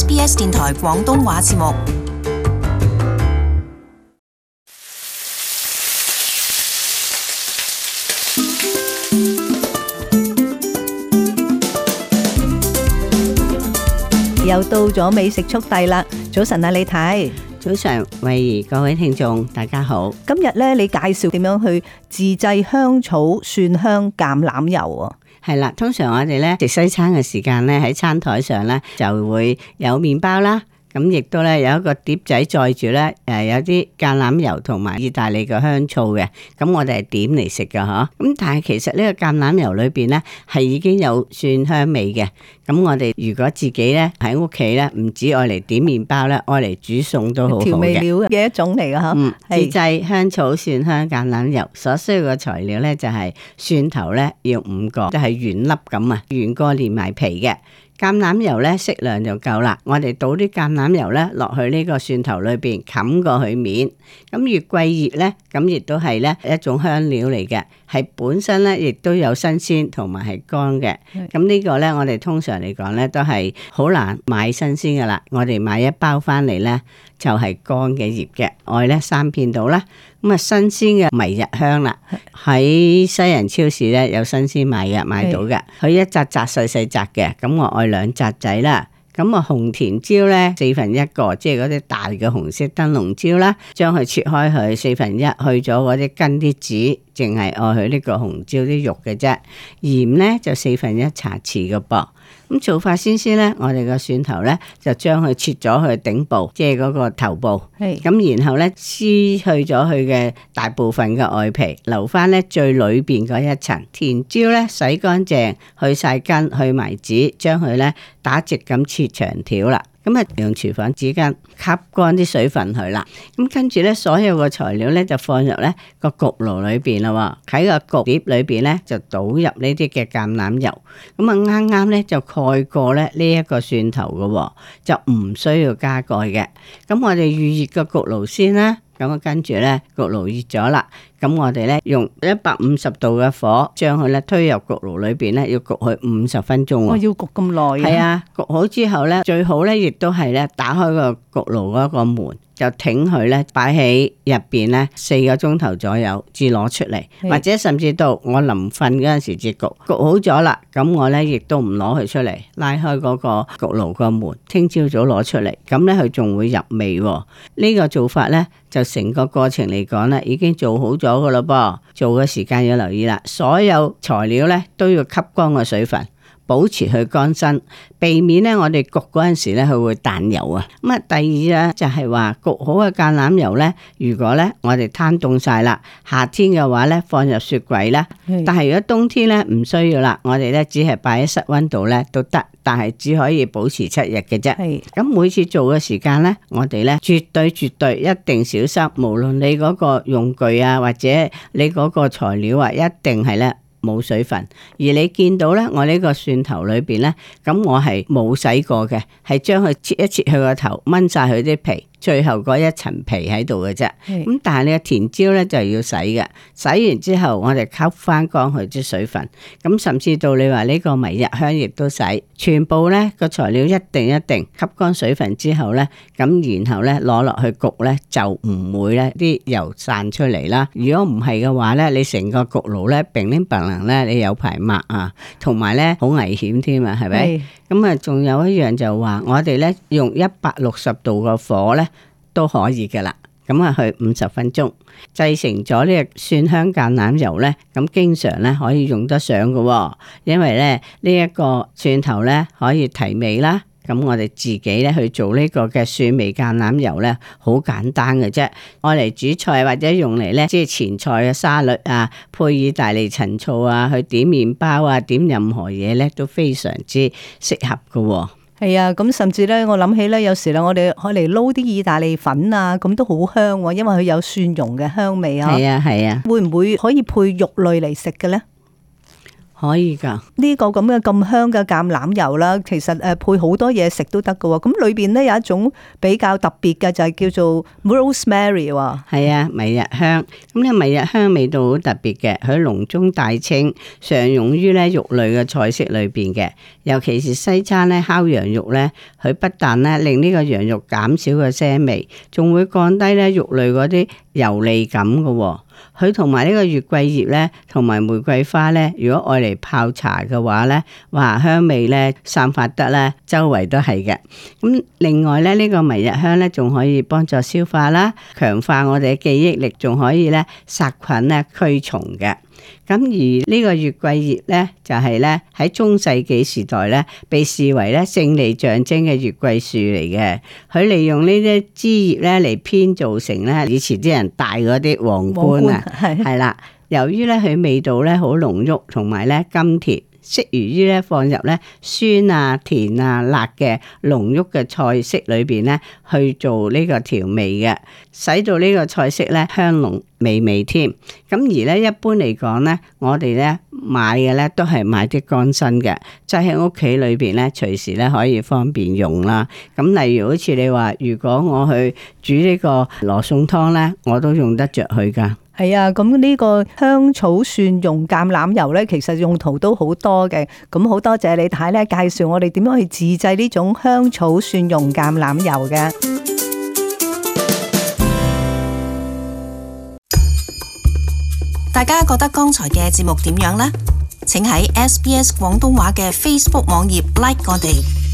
SBS 電台廣東話節目，又到咗美食速遞啦！早晨啊，李太，早晨，慧怡，各位聽眾，大家好。今日咧，你介紹點樣去自製香草蒜香橄欖油啊？係啦，通常我哋呢食西餐嘅時間呢，喺餐枱上呢就會有麵包啦。咁亦都咧有一個碟仔載住咧，誒有啲橄欖油同埋意大利嘅香醋嘅，咁我哋係點嚟食㗎吓？咁但係其實呢個橄欖油裏邊咧係已經有蒜香味嘅。咁我哋如果自己咧喺屋企咧，唔止愛嚟點麵包咧，愛嚟煮餸都好好調味料嘅一種嚟㗎吓。嗯、是自製香草蒜香橄欖油所需要嘅材料咧就係蒜頭咧要五個，即係原粒咁啊，原個連埋皮嘅。橄欖油咧適量就夠啦，我哋倒啲橄欖油咧落去呢個蒜頭裏面，冚過去面。咁月桂葉咧，咁亦都係咧一種香料嚟嘅。係本身咧，亦都有新鮮同埋係乾嘅。咁是呢個咧，我哋通常嚟講咧，都係好難買新鮮嘅啦。我哋買一包翻嚟咧，就係、是、乾嘅葉嘅。愛咧三片度啦。咁啊，新鮮嘅迷迭香啦，喺是西人超市咧有新鮮賣嘅，買到嘅。佢是一扎扎細細紮嘅，咁我愛兩扎仔啦。咁啊，紅甜椒呢四分一個，即係嗰啲大嘅紅色燈籠椒啦，將佢切開佢四分一去了，去咗嗰啲根啲籽，淨係愛佢呢個紅椒啲肉嘅啫。鹽呢，就四分一茶匙嘅噃。咁做法先先咧，我哋個蒜頭咧就將佢切咗佢頂部，即係嗰個頭部。咁是然後咧撕去咗佢嘅大部分嘅外皮，留翻咧最裏邊嗰一層。甜椒咧洗乾淨，去晒根，去埋籽，將佢咧打直咁切長條啦。咁啊，用廚房紙巾吸乾啲水分去啦。咁跟住咧，所有嘅材料咧就放入咧個焗爐裏邊啦。喺個焗碟裏邊咧就倒入呢啲嘅橄欖油。咁啊，啱啱咧就蓋過咧呢一個蒜頭㗎，就唔需要加蓋嘅。咁我哋預熱個焗爐先啦。咁啊，跟住咧焗爐熱咗啦。咁我哋咧用一百五十度嘅火將佢咧推入焗爐裏邊咧，要焗佢五十分鐘啊！我要焗咁耐啊！係啊，焗好之後咧，最好咧亦都係咧打開個焗爐嗰個門，就挺佢咧擺喺入邊咧四個鐘頭左右至攞出嚟，或者甚至到我臨瞓嗰陣時至焗焗好咗啦。咁我咧亦都唔攞佢出嚟，拉開嗰個焗爐個門，聽朝早攞出嚟。咁咧佢仲會入味。呢個做法咧就成個過程嚟講咧，已經做好咗。咗噶咯噃，做嘅時間要留意啦。所有材料咧都要吸乾個水分。保持佢乾身，避免咧我哋焗嗰陣時咧佢會彈油啊。咁啊，第二咧就係話焗好嘅橄欖油咧，如果咧我哋攤凍晒啦，夏天嘅話咧放入雪櫃啦。是但係如果冬天咧唔需要啦，我哋咧只係擺喺室溫度咧都得，但係只可以保持七日嘅啫。係咁。是每次做嘅時間咧，我哋咧絕對絕對一定小心，無論你嗰個用具啊或者你嗰個材料啊，一定係咧。冇水分，而你見到咧，我呢個蒜頭裏邊咧，咁我係冇洗過嘅，係將佢切一切佢個頭，掹曬佢啲皮。最後嗰一層皮喺度嘅啫，咁但係咧你甜椒咧就要洗嘅，洗完之後我哋吸翻乾去啲水分，咁甚至到你話呢個迷日香葉都洗，全部咧個材料一定一定吸乾水分之後咧，咁然後咧攞落去焗咧就唔會咧啲油散出嚟啦。如果唔係嘅話咧，你成個焗爐咧乒呤乓啷咧，你有排抹啊，同埋咧好危險添啊，係咪？咁啊，仲有一樣就話我哋咧用一百六十度個火咧。都可以嘅啦，咁啊去五十分鐘，製成咗呢個蒜香橄欖油呢，咁經常咧可以用得上嘅喎，因為咧呢一個蒜頭呢可以提味啦。咁我哋自己咧去做呢個嘅蒜味橄欖油呢，好簡單嘅啫，愛嚟煮菜或者用嚟呢，即係前菜嘅沙律啊，配意大利陳醋啊去點麵包啊點任何嘢呢都非常之適合嘅喎。係啊，咁甚至咧，我諗起咧，有時咧，我哋可以嚟撈啲意大利粉啊，咁都好香喎，因為佢有蒜蓉嘅香味嗬。係啊，係啊，會唔會可以配肉類嚟食嘅咧？可以噶，呢個咁嘅咁香嘅橄欖油啦，其實誒配好多嘢食都得嘅喎。咁裏邊咧有一種比較特別嘅，就係、是、叫做 rosemary 喎。係啊，迷迭香。咁咧迷迭香味道好特別嘅，佢濃中帶清，常用於咧肉類嘅菜式裏邊嘅。尤其是西餐咧烤羊肉咧，佢不但咧令呢個羊肉減少嘅腥味，仲會降低咧肉類嗰啲油膩感嘅喎。佢同埋呢個月桂葉咧，同埋玫瑰花咧，如果愛嚟泡茶嘅話咧，哇，香味咧散發得咧，周圍都係嘅。咁另外咧，呢個迷迭香咧，仲可以幫助消化啦，強化我哋嘅記憶力，仲可以咧殺菌啊驅蟲嘅。咁而呢個月桂葉咧，就係咧喺中世紀時代咧，被視為咧勝利象徵嘅月桂樹嚟嘅。佢利用呢啲枝葉咧嚟編造成咧，以前啲人戴嗰啲皇冠啊。係係啦，由於咧佢味道咧好濃郁，同埋咧甘甜，適宜於咧放入咧酸啊甜啊辣嘅濃郁嘅菜式裏邊咧去做呢個調味嘅，使到呢個菜式咧香濃美味添。咁而咧一般嚟講咧，我哋咧買嘅咧都係買啲乾身嘅，即喺屋企裏邊咧隨時咧可以方便用啦。咁例如好似你話，如果我去煮呢個羅宋湯咧，我都用得着佢噶。係啊，咁呢個香草蒜蓉橄欖油咧，其實用途都好多嘅。咁好多謝你睇咧介紹我哋點樣去自製呢種香草蒜蓉橄欖油嘅。大家覺得剛才嘅節目點樣咧？請喺 SBS 廣東話嘅 Facebook 網頁 like 我哋。